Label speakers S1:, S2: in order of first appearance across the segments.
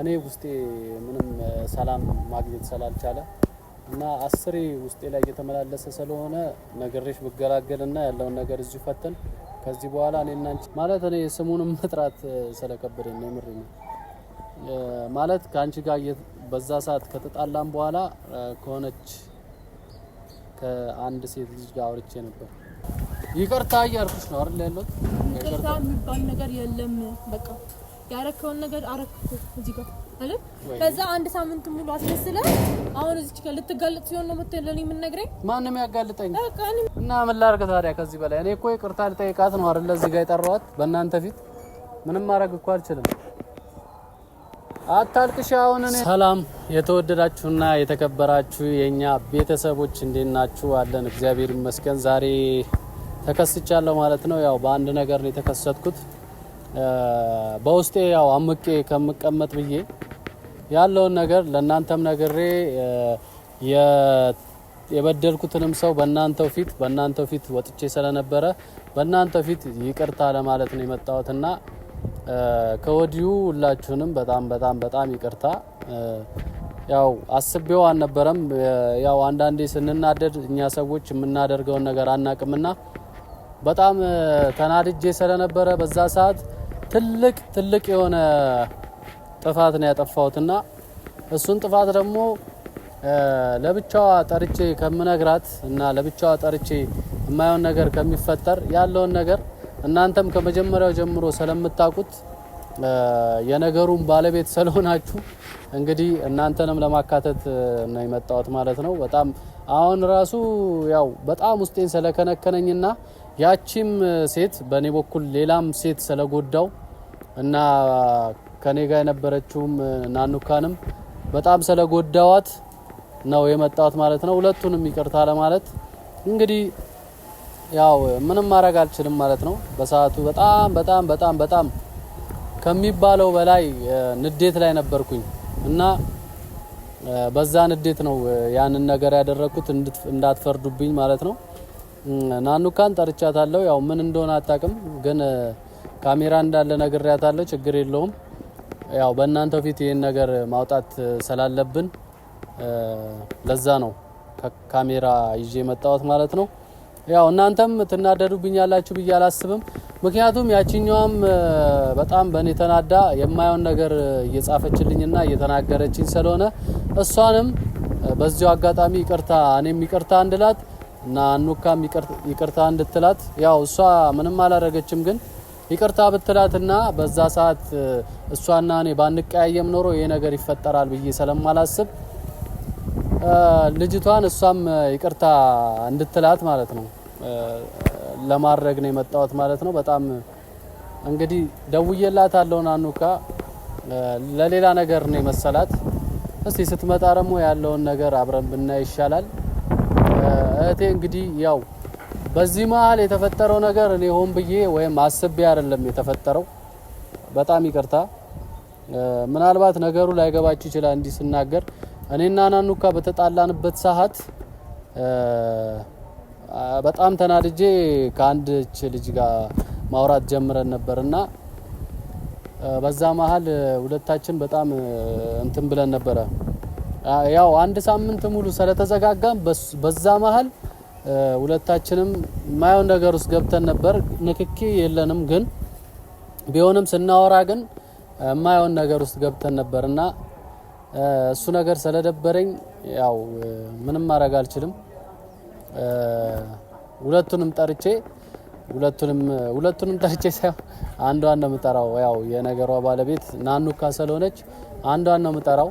S1: እኔ ውስጤ ምንም ሰላም ማግኘት ስላልቻለ እና አስሬ ውስጤ ላይ እየተመላለሰ ስለሆነ ነገሬሽ ብገላገልና ያለውን ነገር እዚሁ ፈትን ከዚህ በኋላ እኔ እና ማለት እኔ ስሙንም መጥራት ስለከበደኝ ነው። ምር ማለት ከአንቺ ጋር በዛ ሰዓት ከተጣላም በኋላ ከሆነች ከአንድ ሴት ልጅ ጋር አውርቼ ነበር። ይቅርታ እያልኩሽ ነው አይደል ያለሁት።
S2: ይቅርታ የሚባል ነገር የለም በቃ ያረከውን ነገር አረከኩ እዚህ ጋር አለ። በዛ አንድ ሳምንት ሙሉ አስደስለ አሁን እዚህ ጋር ልትጋለጥ ሲሆን ነው መተለ ለኔ ምን ነግረኝ
S1: ማንም ያጋልጠኝ እና ምን ላድርግ ታዲያ? ከዚህ በላይ እኔ እኮ ይቅርታ ልጠይቃት ነው አይደል? እዚህ ጋር የጠራኋት በእናንተ ፊት ምንም ማድረግ እኮ አልችልም። አታልቅሽ። አሁን እኔ ሰላም፣ የተወደዳችሁና የተከበራችሁ የኛ ቤተሰቦች እንዴት ናችሁ? አለን እግዚአብሔር ይመስገን። ዛሬ ተከስቻለሁ ማለት ነው። ያው በአንድ ነገር ነው የተከሰትኩት በውስጤ ያው አምቄ ከምቀመጥ ብዬ ያለውን ነገር ለእናንተም ነግሬ የበደልኩትንም ሰው በእናንተው ፊት በእናንተው ፊት ወጥቼ ስለነበረ በእናንተው ፊት ይቅርታ ለማለት ነው የመጣሁትና ከወዲሁ ሁላችሁንም በጣም በጣም በጣም ይቅርታ። ያው አስቤው አልነበረም። ያው አንዳንዴ ስንናደድ እኛ ሰዎች የምናደርገውን ነገር አናቅምና በጣም ተናድጄ ስለነበረ በዛ ሰዓት ትልቅ ትልቅ የሆነ ጥፋት ነው እና እሱን ጥፋት ደግሞ ለብቻዋ ጠርቼ ከምነግራት እና ለብቻዋ ጠርቼ የማየውን ነገር ከሚፈጠር ያለውን ነገር እናንተም ከመጀመሪያው ጀምሮ ስለምታውቁት የነገሩን ባለቤት ስለሆናችሁ እንግዲህ እናንተንም ለማካተት ነው የመጣሁት ማለት ነው። በጣም አሁን ራሱ ያው በጣም ውስጤን ስለከነከነኝና ያቺም ሴት በእኔ በኩል ሌላም ሴት ስለጎዳው እና ከኔ ጋር የነበረችውም ናኑካንም በጣም ስለጎዳዋት ነው የመጣት ማለት ነው። ሁለቱንም ይቅርታ ለማለት እንግዲህ ያው ምንም ማድረግ አልችልም ማለት ነው። በሰዓቱ በጣም በጣም በጣም በጣም ከሚባለው በላይ ንዴት ላይ ነበርኩኝ እና በዛ ንዴት ነው ያንን ነገር ያደረኩት። እንዳትፈርዱብኝ ማለት ነው። ናኑካን ጠርቻታለሁ። ያው ምን እንደሆነ አታውቅም፣ ግን ካሜራ እንዳለ ነግሬያታለሁ። ችግር የለውም። ያው በእናንተው ፊት ይህን ነገር ማውጣት ስላለብን ለዛ ነው ካሜራ ይዤ የመጣሁት ማለት ነው። ያው እናንተም ትናደዱብኛላችሁ ብዬ አላስብም። ምክንያቱም ያችኛዋም በጣም በእኔ ተናዳ የማየውን ነገር እየጻፈችልኝና እየተናገረችኝ ስለሆነ እሷንም በዚሁ አጋጣሚ ይቅርታ እኔም ይቅርታ እንድላት እና ኑካም ይቅርታ እንድትላት ያው እሷ ምንም አላረገችም፣ ግን ይቅርታ ብትላትና በዛ ሰዓት እሷና እኔ ባንቀያየም ኖሮ ይሄ ነገር ይፈጠራል ብዬ ስለማላስብ ልጅቷን እሷም ይቅርታ እንድትላት ማለት ነው ለማድረግ ነው የመጣሁት ማለት ነው። በጣም እንግዲህ ደውዬላት አለውን አኑካ ለሌላ ነገር ነው የመሰላት። እስቲ ስትመጣ ደግሞ ያለውን ነገር አብረን ብናይ ይሻላል። እህቴ እንግዲህ ያው በዚህ መሀል የተፈጠረው ነገር እኔ ሆን ብዬ ወይም አስቤ አይደለም የተፈጠረው። በጣም ይቅርታ። ምናልባት ነገሩ ላይገባችሁ ይችላል እንዲህ ስናገር። እኔና ናኑካ በተጣላንበት ሰዓት በጣም ተናድጄ ከአንድች ልጅ ጋር ማውራት ጀምረን ነበር እና በዛ መሀል ሁለታችን በጣም እንትን ብለን ነበረ ያው አንድ ሳምንት ሙሉ ስለተዘጋጋም በዛ መሀል ሁለታችንም ማየው ነገር ውስጥ ገብተን ነበር። ንክኪ የለንም ግን ቢሆንም ስናወራ ግን ማየውን ነገር ውስጥ ገብተን ነበር እና እሱ ነገር ስለደበረኝ ያው ምንም ማድረግ አልችልም። ሁለቱንም ጠርቼ ሁለቱንም ሁለቱንም ጠርቼ ሳይሆን አንዷን ነው የምጠራው። ያው የነገሯ ባለቤት ናኑካ ስለሆነች አንዷን ነው የምጠራው።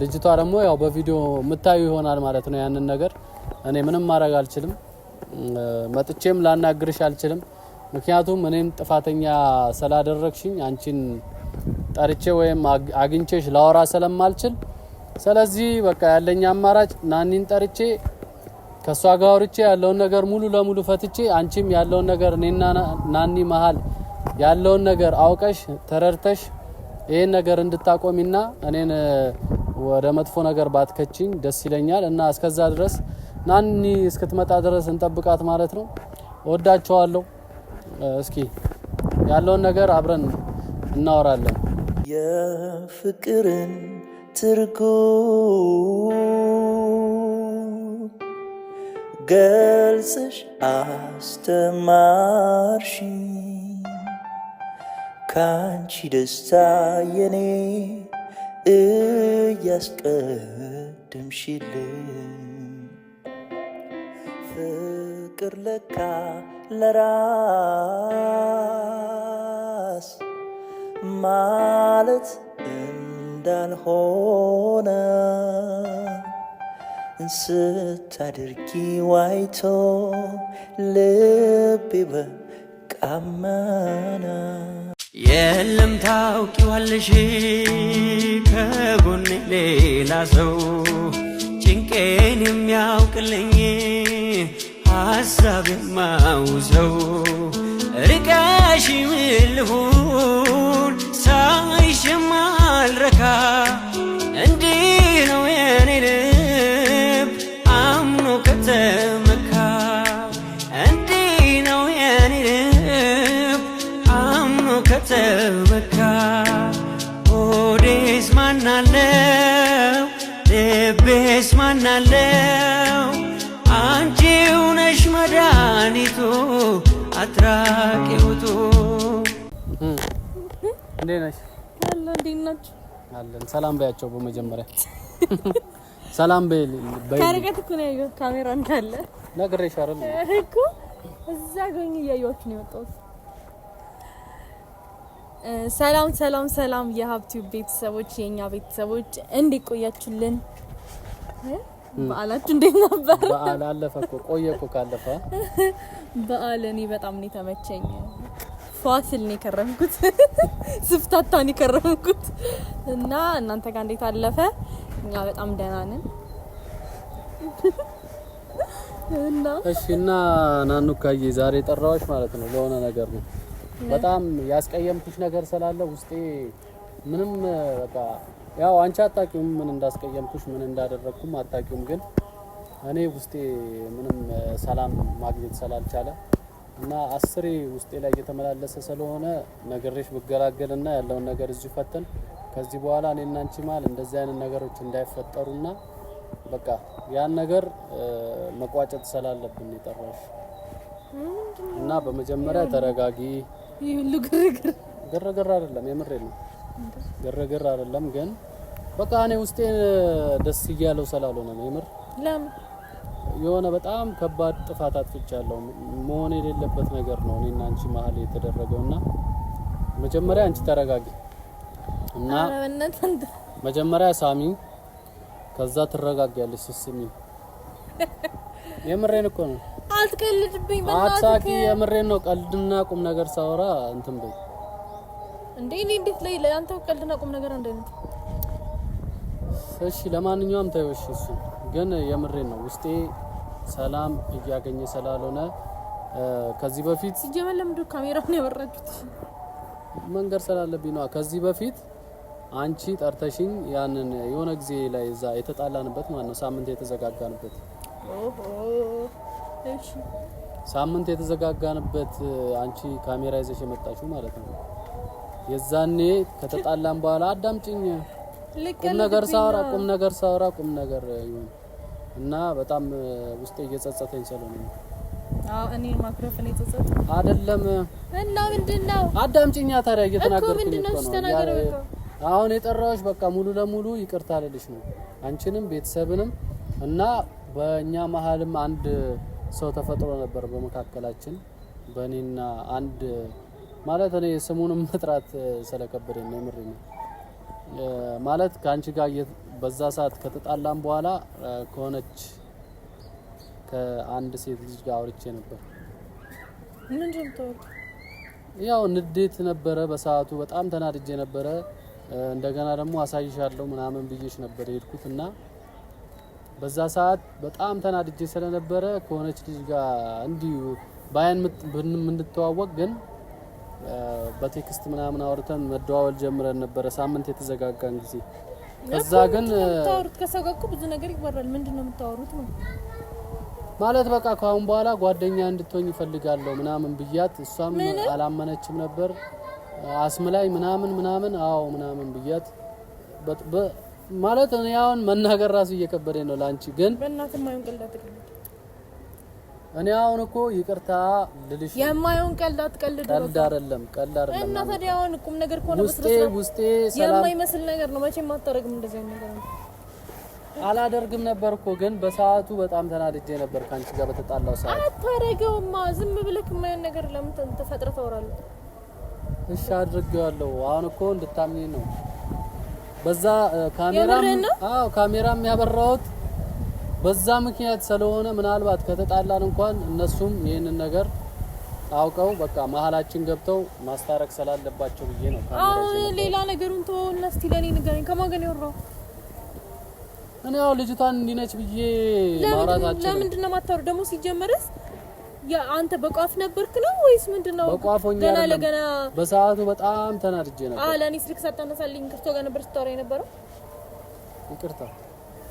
S1: ልጅቷ ደግሞ ያው በቪዲዮ የምታዩ ይሆናል ማለት ነው። ያንን ነገር እኔ ምንም ማድረግ አልችልም፣ መጥቼም ላናግርሽ አልችልም። ምክንያቱም እኔም ጥፋተኛ ስላደረግሽኝ አንቺን ጠርቼ ወይም አግኝቼሽ ላወራ ስለማልችል፣ ስለዚህ በቃ ያለኝ አማራጭ ናኒን ጠርቼ ከእሷ ጋር አውርቼ ያለውን ነገር ሙሉ ለሙሉ ፈትቼ አንቺም ያለውን ነገር እኔና ናኒ መሀል ያለውን ነገር አውቀሽ ተረድተሽ ይህን ነገር እንድታቆሚና እኔን ወደ መጥፎ ነገር ባትከችኝ ደስ ይለኛል እና እስከዛ ድረስ ናኒ እስክትመጣ ድረስ እንጠብቃት ማለት ነው። ወዳቸዋለሁ። እስኪ ያለውን ነገር አብረን እናወራለን። የፍቅርን ትርጉ ገልጽሽ አስተማርሽ ካንቺ ደስታ የኔ እያስቀድምሽልን ፍቅር ለካ ለራስ ማለት እንዳልሆነ ስታደርጊ ዋይቶ ልቤ በቃመና የለም ታውቂዋለሽ ከጎን ሌላ ሰው ጭንቄን የሚያውቅልኝ ሀሳብ የማውሰው ርቀሽ ምልሁን አምናለው አንቺው ነሽ መድኃኒቱ አትራቂውቱ። እንዴ ነሽ?
S2: አለ እንዴት ናችሁ?
S1: አለን። ሰላም በያቸው። በመጀመሪያ ሰላም በይ።
S2: ከርቀት እኮ ነው ያየሁት ካሜራ እንዳለ
S1: ነግሬሽ አይደል
S2: እኮ እዛ ጎኝ እያየኋችሁ ነው የመጣሁት። ሰላም ሰላም ሰላም የሀብቱ ቤተሰቦች የእኛ ቤተሰቦች እንዴት ቆያችሁልን? በዓላችሁ እንዴት ነበር?
S1: በዓል አለፈ እኮ ቆየ እኮ ካለፈ
S2: በዓል እኔ በጣም ነው የተመቸኝ። ፏስል ነው የከረምኩት፣ ስፍታታ ነው የከረምኩት እና እናንተ ጋር እንዴት አለፈ? እኛ በጣም ደህና ነን።
S1: እና እሺ እና ናኑካዬ ዛሬ ጠራዎች ማለት ነው ለሆነ ነገር ነው በጣም ያስቀየምኩሽ ነገር ስላለ ውስጤ ምንም በቃ ያው አንቺ አታውቂውም ምን እንዳስቀየምኩሽ ምን እንዳደረግኩም አታውቂውም። ግን እኔ ውስጤ ምንም ሰላም ማግኘት ስላልቻለ እና አስሬ ውስጤ ላይ እየተመላለሰ ስለሆነ ነግሬሽ ብገላገልና ያለውን ነገር እዚሁ ፈተን ከዚህ በኋላ እኔ እና አንቺ መሀል እንደዚህ አይነት ነገሮች እንዳይፈጠሩና በቃ ያን ነገር መቋጨት ስላለብን የጠራሽ እና በመጀመሪያ ተረጋጊ።
S2: ይህ ሁሉ ግርግር
S1: ግርግር አይደለም፣ የምሬ ነው፣ ግርግር አይደለም ግን በቃ እኔ ውስጤ ደስ እያለው ስላልሆነ ነው የምር። ለምን የሆነ በጣም ከባድ ጥፋት አጥፍቻለሁ። መሆን የሌለበት ነገር ነው እኔና አንቺ መሀል የተደረገው እና መጀመሪያ አንቺ ተረጋጊ እና መጀመሪያ ሳሚ፣ ከዛ ትረጋጊያለሽ። ስስሚ፣ የምሬን እኮ ነው።
S2: አትቀልድብኝ፣
S1: አትሳቂ። የምሬን ነው። ቀልድና ቁም ነገር ሳወራ እንትን በይ
S2: እንዴ። እኔ እንዴት ላይ አንተ ቀልድና ቁም ነገር አንድ
S1: እሺ ለማንኛውም ታይወሽ እሱ ግን የምሬ ነው ውስጤ ሰላም እያገኘ ስላልሆነ ከዚህ በፊት
S2: ሲጀመር ለምንድን ካሜራውን ያበራችሁት?
S1: መንገር ስላለብኝ ነዋ። ከዚህ በፊት አንቺ ጠርተሽኝ ያንን የሆነ ጊዜ ላይ እዛ የተጣላንበት ማለት ነው ሳምንት የተዘጋጋንበት ሳምንት የተዘጋጋንበት አንቺ ካሜራ ይዘሽ የመጣችሁ ማለት ነው። የዛኔ ከተጣላን በኋላ አዳምጪኝ ቁም ነገር ሳወራ ቁም ነገር ሳወራ ቁም ነገር ይሁን እና በጣም ውስጤ እየጸጸተኝ ስለሆነ
S2: አዎ እኔ ማይክሮፎን እየጸጸተ አይደለም። እና ምንድነው
S1: አዳምጪኛ ታዲያ
S2: እየተናገርኩኝ ነው።
S1: አሁን የጠራሁሽ በቃ ሙሉ ለሙሉ ይቅርታ ልልሽ ነው አንቺንም ቤተሰብንም እና በእኛ መሀልም አንድ ሰው ተፈጥሮ ነበር በመካከላችን በእኔና አንድ ማለት እኔ ስሙንም መጥራት ስለከበደኝ ነው የምሬን ነው ማለት ከአንቺ ጋር በዛ ሰዓት ከተጣላም በኋላ ከሆነች ከአንድ ሴት ልጅ ጋር አውርቼ ነበር። ያው ንዴት ነበረ በሰዓቱ በጣም ተናድጄ ነበረ። እንደገና ደግሞ አሳይሻለሁ ምናምን ብዬሽ ነበር የሄድኩት እና በዛ ሰዓት በጣም ተናድጄ ስለነበረ ከሆነች ልጅ ጋር እንዲሁ ባይን የምንተዋወቅ ግን በቴክስት ምናምን አውርተን መደዋወል ጀምረን ነበረ ሳምንት የተዘጋጋን ጊዜ። ከዛ ግን
S2: ታውሩት ከሰው ጋር እኮ ብዙ ነገር ይወራል። ምንድን ነው የምታወሩት?
S1: ማለት በቃ ከአሁን በኋላ ጓደኛ እንድትሆኝ ይፈልጋለሁ ምናምን ብያት፣ እሷም አላመነችም ነበር። አስም ላይ ምናምን ምናምን አዎ ምናምን ብያት ማለት እኔ አሁን መናገር ራሱ እየከበደኝ ነው። ለአንቺ ግን
S2: በእናትም አይንቀልዳት
S1: እኔ አሁን እኮ ይቅርታ ልልሽ
S2: የማይሆን ቀልድ አትቀልድ።
S1: ቀልድ አይደለም ቀልድ አይደለም።
S2: እና ታዲያ አሁን ቁም ነገር
S1: ከሆነ ውስጤ ውስጤ
S2: የማይመስል ነገር ነው። መቼም አታደርግም እንደዚህ አይነት ነገር
S1: አላደርግም ነበር እኮ ግን በሰዓቱ በጣም ተናድጄ ነበር ከአንቺ ጋር በተጣላው ሰዓት።
S2: አታደርገውማ ዝም ብለህ የማይሆን ነገር ለምን ተፈጥረህ ታወራለህ?
S1: እሺ አድርጌዋለሁ። አሁን እኮ እንድታምኚ ነው። በዛ ካሜራ አዎ ካሜራ የሚያበራውት በዛ ምክንያት ስለሆነ ምናልባት ከተጣላን እንኳን እነሱም ይህንን ነገር አውቀው በቃ መሀላችን ገብተው ማስታረቅ ስላለባቸው ብዬ ነው።
S2: አሁን ሌላ ነገሩን ተወውና እስቲ ለኔ ንገረኝ፣ ከማን ጋር ያወራው?
S1: እኔ ያው ልጅቷን እንዲነች ብዬ
S2: ማውራታችን ለምንድን ነው ማታወሩ? ደግሞ ሲጀመርስ አንተ በቋፍ ነበርክ ነው ወይስ ምንድነው?
S1: በቋፎኛ ገና ለገና በሰዓቱ በጣም ተናድጄ
S2: ነበር። አላኔ ስልክ ሳታነሳልኝ ከእሷ ጋር ነበር ስታወራ የነበረው። ይቅርታ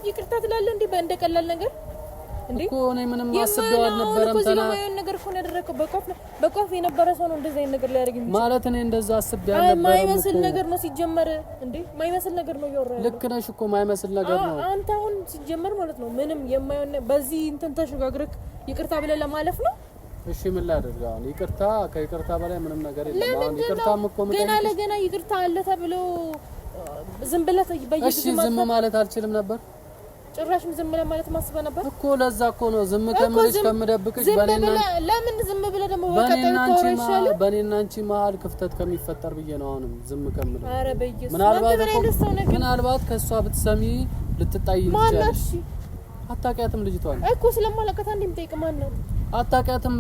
S2: ይቅርታ ትላለህ እንዴ? በእንደ ቀላል ነገር
S1: እኮ እኔ ምንም አስቤው አልነበረም።
S2: ነገር እኮ ነው ያደረገው። በቆፍ በቋፍ የነበረ ሰው ነው እንደዚህ አይነት ነገር ሊያደርግ
S1: ማለት እኔ እንደዛ አስቤው
S2: አልነበረም። ማይመስል ነገር ነው ሲጀመር። እንዴ ማይመስል ነገር ነው ይወራ።
S1: ያለው። ልክ ነሽ እኮ ማይመስል ነገር ነው።
S2: አንተ አሁን ሲጀመር ማለት ነው ምንም የማይሆን በዚህ እንትን ተሸጋግረክ ይቅርታ ብለህ ለማለፍ ነው።
S1: እሺ ምን ላድርግ አሁን? ይቅርታ ከይቅርታ በላይ ምንም ነገር
S2: የለም። አሁን ይቅርታ እኮ ምን ገና ለገና ይቅርታ አለ ተብሎ ዝም ብለህ
S1: በየጊዜው ዝም ማለት አልችልም ነበር
S2: ጭራሽም ዝም ብለህ ማለት ማስበህ ነበር
S1: እኮ። ለዛ እኮ ነው ዝም ከምልሽ ከምደብቅሽ።
S2: ለምን ዝም ብለህ ደግሞ
S1: በኔና አንቺ መሀል ክፍተት ከሚፈጠር ብዬ ነው አሁንም ዝም አረ ከምልህ። ምናልባት ከሷ ብትሰሚ ልትጣይ ትችላለሽ። አታውቂያትም ልጅቷን
S2: እኮ ስለማላውቃት አንዴ የምጠይቅ ማነው? አታውቂያትም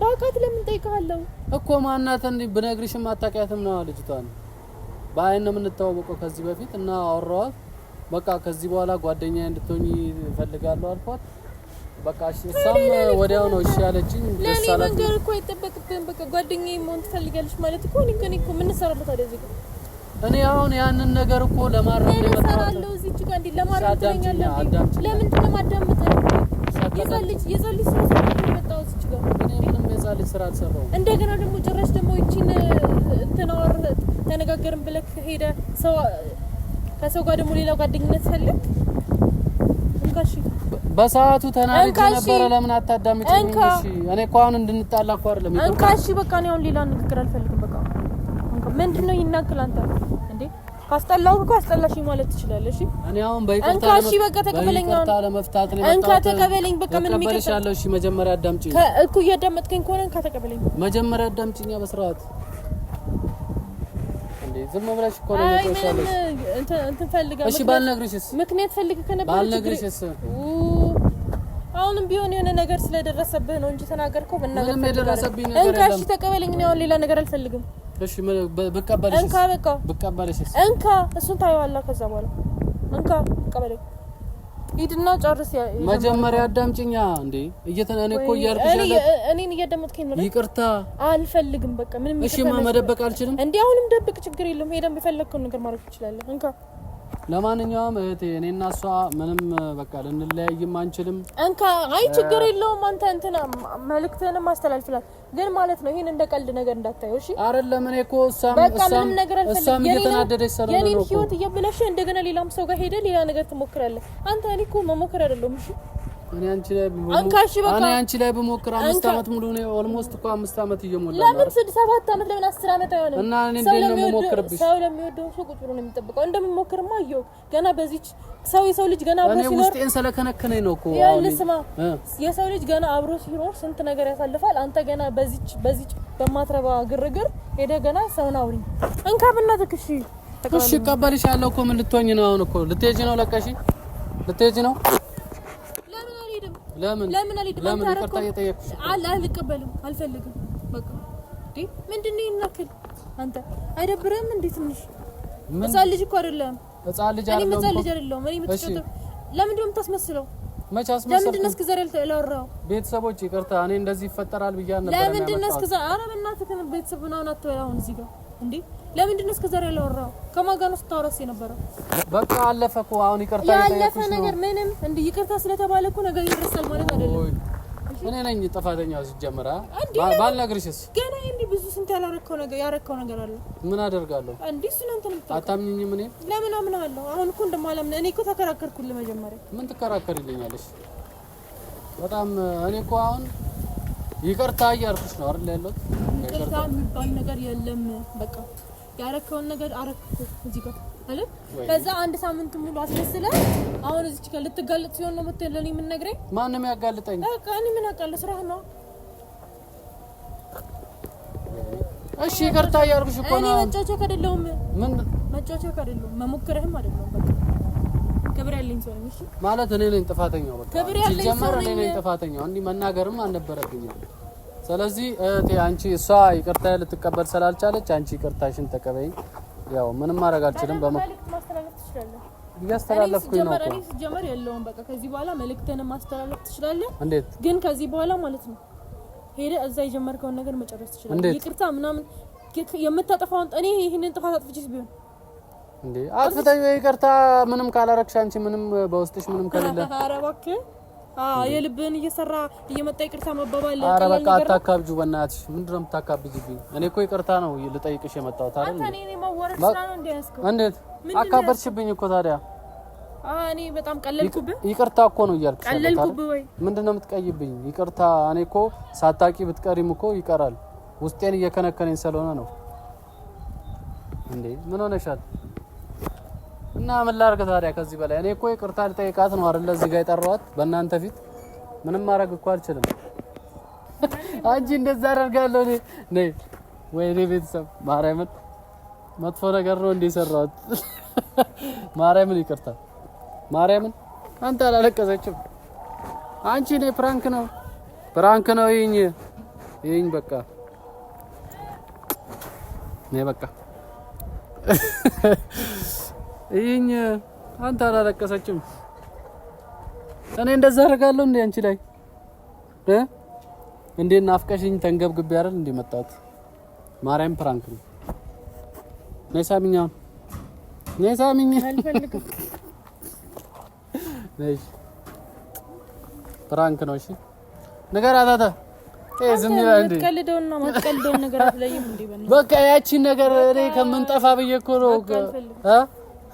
S2: ባውቃት ለምን እጠይቅሃለሁ
S1: እኮ ማናት? እንዲህ ብነግርሽም አታውቂያትም ነው ልጅቷን። በአይን ነው የምንተዋወቀው ከዚህ በፊት እና አወራኋት በቃ ከዚህ በኋላ ጓደኛ እንድትሆኝ ፈልጋለሁ አልኳት። በቃ እሺ፣ እሷም ወዲያው ነው እሺ ያለችኝ።
S2: ደስ አላት። እኮ አይጠበቅብህም። በቃ ጓደኛዬ መሆን ትፈልጋለች ማለት እኮ እኔ ከኔ እኮ ምን ሰራበት አለ እዚህ ጋር
S1: እኔ አሁን ያንን ነገር እኮ ለማረም
S2: ነው ሰራለው። እዚች ጋር እንዴ ለማረም
S1: ትለኛለህ?
S2: ለምን ትለማዳምጥ የዛን ልጅ የዛን ልጅ ስራ ሰራ የመጣው
S1: እዚህ ጋር እኔ ምንም የዛን ልጅ ስራ አልሰራሁም።
S2: እንደገና ደግሞ ጭራሽ ደግሞ ይቺን እንትን አወር ተነጋገርን ብለህ ሄደ ሰው ከሰው ጋር ደግሞ ሌላ ጓደኝነት ፈልግ። እንካሽ
S1: በሰዓቱ ተናድጄ ነበረ። ለምን አታዳምጪኝ? እንካሽ እኔ እኮ አሁን እንድንጣላ እኮ አይደለም።
S2: እንካሽ በቃ እኔ አሁን ሌላ ንግግር አልፈልግም። በቃ እንካ። ምንድን ነው ይናክል አንተ እንዴ? ካስጠላው እኮ አስጠላሽ ማለት ትችላለህ። እሺ
S1: እኔ አሁን በይቅርታ
S2: እሺ፣ በቃ ተቀበለኝ።
S1: አሁን ለመፍታት ነው
S2: እንካ ተቀበለኝ። በቃ
S1: ምን የሚቀርሽ አለው? እሺ መጀመሪያ አዳምጪኝ
S2: እኮ እያዳመጥከኝ ከሆነ እንካ ተቀበለኝ።
S1: መጀመሪያ አዳምጪኛ በስርዓት ዝም ብለሽ እኮ ነው
S2: የምትወሻለሽ። እንትን ፈልጋ
S1: እሺ፣ ባልነግርሽስ?
S2: ምክንያት ፈልግ ከነበረ
S1: ባልነግርሽስ?
S2: አሁንም ቢሆን የሆነ ነገር ስለደረሰብህ ነው እንጂ ተናገርከው። በእናትህ ምንም
S1: የደረሰብኝ ነገር የለም።
S2: እንካሽ ተቀበለኝ፣ ነው ሌላ ነገር አልፈልግም።
S1: እሺ፣ ብቀበልሽስ? እንካ በቃ ብቀበልሽስ?
S2: እንካ እሱን ታየዋለህ። ከዛ በኋላ እንካ ቀበለኝ ሂድና ጨርስ።
S1: መጀመሪያ አዳምጪኛ እንዴ! እየተናነ እኮ እያልኩሽ
S2: እኔን እያዳመጥከኝ ነው። ይቅርታ አልፈልግም። በቃ
S1: ምንም እሺ፣ ማ መደበቅ አልችልም።
S2: እንዴ አሁንም ደብቅ፣ ችግር የለም። ሄደን የፈለግከውን ነገር ማድረግ ትችላለህ። እንካ
S1: ለማንኛውም እህቴ እኔና እሷ ምንም በቃ ልንለያይም አንችልም።
S2: እንካ አይ ችግር የለውም። አንተ እንትና መልእክትህንም አስተላልፍላት ግን ማለት ነው ይህን እንደ ቀልድ ነገር እንዳታየው እሺ።
S1: አይደለም እኔ እኮ እሷም እሷም እሷም እየተናደደች ሰለሞን
S2: የኔን ህይወት እየብለሽ እንደገና ሌላም ሰው ጋር ሄደ ሌላ ነገር ትሞክራለህ አንተ። እኔ እኮ መሞከር አይደለም እሺ
S1: እኔ አንቺ ላይ ብሞክር አምስት ዓመት ሙሉ ነው። ኦልሞስት እኮ አምስት ዓመት እየሞላ
S2: ነው። ለምን ስድስት ሰባት ዓመት ለምን አስር ዓመት
S1: አይሆንም? እና እኔ እንዴት ነው የምሞክርብሽ?
S2: ሰው ለሚወደው ሰው ቁጭ ነው የሚጠብቀው። እንደምሞክርማ አየሁ ገና በዚች ሰው የሰው ልጅ ገና
S1: አብሮ ሲኖር ውስጤን ስለከነከነኝ ነው እኮ
S2: ልስማ። የሰው ልጅ ገና አብሮ ሲኖር ስንት ነገር ያሳልፋል። አንተ ገና በዚች በዚች በማትረባ ግርግር ሄደ ገና ሰውን አውሪ እንካ ብናትክ። እሺ
S1: እሺ፣ እቀበልሻለሁ እኮ ምን ልትሆኝ ነው አሁን? እኮ ልትሄጂ ነው ለቀሺ፣ ልትሄጂ ነው አልሄድም። ለምን ለምን አልሄድም? ለምን ይቅርታ እየጠየቅኩሽ
S2: አልቀበልም፣ አልፈልግም። በቃ እንዴ ምንድን ነው ይናከል አንተ አይደብርህም እንዴ? ትንሽ ህፃን ልጅ እኮ አይደለም።
S1: ህፃን ልጅ አይደለም።
S2: ህፃን ልጅ አይደለም። እኔ የምትጨጠው ለምንድን ነው የምታስመስለው? መቼ አስመሰልኩ? ለምንድን
S1: ቤተሰቦች ይቅርታ፣ እኔ እንደዚህ ይፈጠራል ብዬሽ
S2: አልነበረም። ለምንድን ነው እስከ ዛሬ? በእናትህ ቤተሰብ ምናምን አትበል አሁን እዚህ ጋር እንዴ ለምንድን ነው እስከዛሬ ያላወራው? ከማን ጋር ነው ስታወራስ የነበረው?
S1: በቃ አለፈ እኮ አሁን ይቅርታ
S2: ያለፈ ነገር ምንም እንደ ይቅርታ ስለተባለ እኮ ነገር ይረሳል ማለት አይደለም።
S1: እኔ ነኝ ጥፋተኛው ሲጀመር። ባልነግርሽስ
S2: ገና እንዲህ ብዙ ስንት ያላረከው ነገር ያረከው ነገር አለ።
S1: ምን አደርጋለሁ?
S2: እንዲህ እሱን አንተ ነው
S1: የምታውቀው። ምን እኔ
S2: ለምን አምናለሁ? አሁን እኮ እንደማላምን እኔ እኮ ተከራከርኩልህ መጀመሪያ።
S1: ምን ትከራከሪልኛለሽ? በጣም እኔ እኮ አሁን ይቅርታ እያልኩሽ ነው አይደል ያለሁት።
S2: ይቅርታ የሚባል ነገር የለም በቃ ያረከውን ነገር አረከኩ እዚህ ጋር አለ። በዛ አንድ ሳምንት ሙሉ አስመስለ አሁን እዚህ ጋር ልትጋለጥ ሲሆን ነው ለኔ ምን ነግረኝ?
S1: ማንም ያጋልጠኝ?
S2: በቃ እኔ ምን አውቃለሁ? ስራ ነው።
S1: እሺ ይቅርታ እያልኩሽ እኮ
S2: ነው። እኔ መጫወቻ አይደለሁም። ምን መጫወቻ አይደለሁም። መሞከርህም አይደለሁም። በቃ ክብር ያለኝ ሰው ነኝ። እሺ
S1: ማለት እኔ ነኝ ጥፋተኛው። በቃ ክብር ያለኝ ሰው ነኝ። እኔ ነኝ ጥፋተኛው። እንዲህ መናገርም አልነበረብኝም። ስለዚህ እህቴ አንቺ እሷ ይቅርታ ልትቀበል ስላልቻለች አንቺ ይቅርታሽን ተቀበይ። ያው ምንም ማድረግ አልችልም።
S2: በመልእክት ማስተላለፍ ትችላለህ።
S1: እያስተላለፍኩኝ
S2: ነው እኮ ሲጀመር የለውም። በቃ ከዚህ በኋላ መልእክትን ማስተላለፍ ትችላለህ። እንዴት ግን ከዚህ በኋላ ማለት ነው ሄደህ እዛ የጀመርከውን ነገር መጨረስ
S1: ትችላለህ። እንዴት ይቅርታ ምናምን የምታጠፋውን እኔ ይህንን ጥፋት አጥፍቼስ ቢሆን እንዴ አጥፍተኝ ይቅርታ ምንም ካላረግሽ አንቺ ምንም በውስጥሽ ምንም ከሌለ ኧረ እባክህ የልብህን እየሰራ እየመጣ ይቅርታ መባባል። ኧረ በቃ አታካብጁ፣ በእናትሽ ምንድን ነው የምታካብጂብኝ? እኔ እኮ ይቅርታ ነው ልጠይቅሽ የመጣሁት አይደል? እንዴት አካበድሽብኝ እኮ ታዲያ። እኔ በጣም ቀለልኩብህ። ይቅርታ እኮ ነው እያልኩሽ። ቀለልኩብህ ወይ ምንድን ነው የምትቀይብኝ? ይቅርታ እኔ እኮ ሳታቂ ብትቀሪም እኮ ይቀራል። ውስጤን እየከነከነኝ ስለሆነ ነው። እንዴ ምን ሆነሻል? እና ምን ላድርግ ታዲያ ከዚህ በላይ እኔ እኮ ይቅርታ ልጠይቃት ነው አይደል? እዚህ ጋር የጠራኋት በእናንተ ፊት ምንም ማድረግ እኮ አልችልም። አንቺ እንደዛ አደርጋለሁ እኔ ነይ ወይ እኔ ቤተሰብ ማርያምን፣ መጥፎ ነገር ነው እንደ ማርያምን፣ ይቅርታ ማርያምን። አንተ አላለቀሰችም አንቺ። እኔ ፕራንክ ነው ፕራንክ ነው። ይኝ ይኝ በቃ እኔ በቃ ይህኝ አንተ አላለቀሰችም። እኔ እንደዛ አደርጋለሁ እንዴ አንቺ ላይ እ እንዴ? ናፍቀሽኝ ተንገብግቤ አይደል እንዴ መጣሁት። ማርያም ፕራንክ ነው። ነይ ሳሚኝ፣ አሁን ነይ ሳሚኝ። ነይ ፕራንክ ነው። እሺ ንገራት አታ ዝም ይላል እንዴ? ቀልደውና ማትቀልደውን ነገር አትለይም እንዴ? በቃ ያቺን ነገር እኔ ከምንጠፋ ብዬ እኮ ነው እ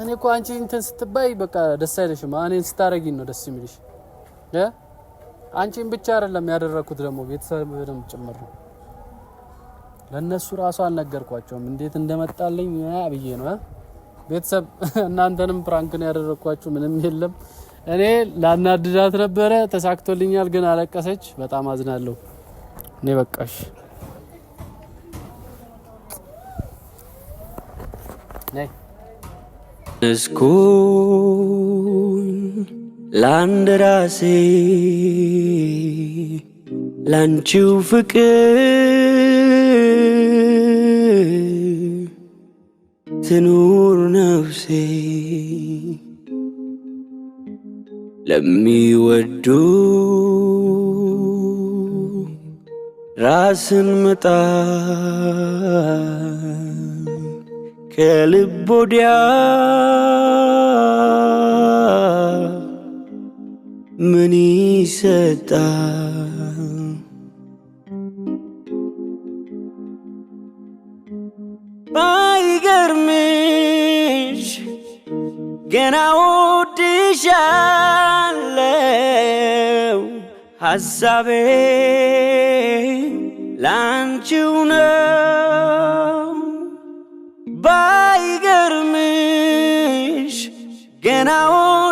S1: እኔ እኮ አንቺ እንትን ስትባይ በቃ ደስ አይለሽም። እኔን ስታረጊኝ ነው ደስ የሚልሽ። አንቺን ብቻ አይደለም ያደረኩት ደግሞ ቤተሰብንም ጭምር ነው። ለእነሱ ራሱ አልነገርኳቸውም እንዴት እንደመጣልኝ ብዬ ነው። ቤተሰብ እናንተንም ፕራንክን ያደረግኳችሁ ምንም የለም። እኔ ላናድዳት ነበረ፣ ተሳክቶልኛል። ግን አለቀሰች። በጣም አዝናለሁ። እኔ በቃሽ ነይ እስኩኝ ለአንድ ራሴ ላንቺው ፍቅር ትኑር ነፍሴ ለሚወዱ ራስን መጣ ከልብ ወዲያ ምን ይሰጣል? ባይገርምሽ ገና ወድሻለው ሀሳቤ ላንቺው ነው And I won't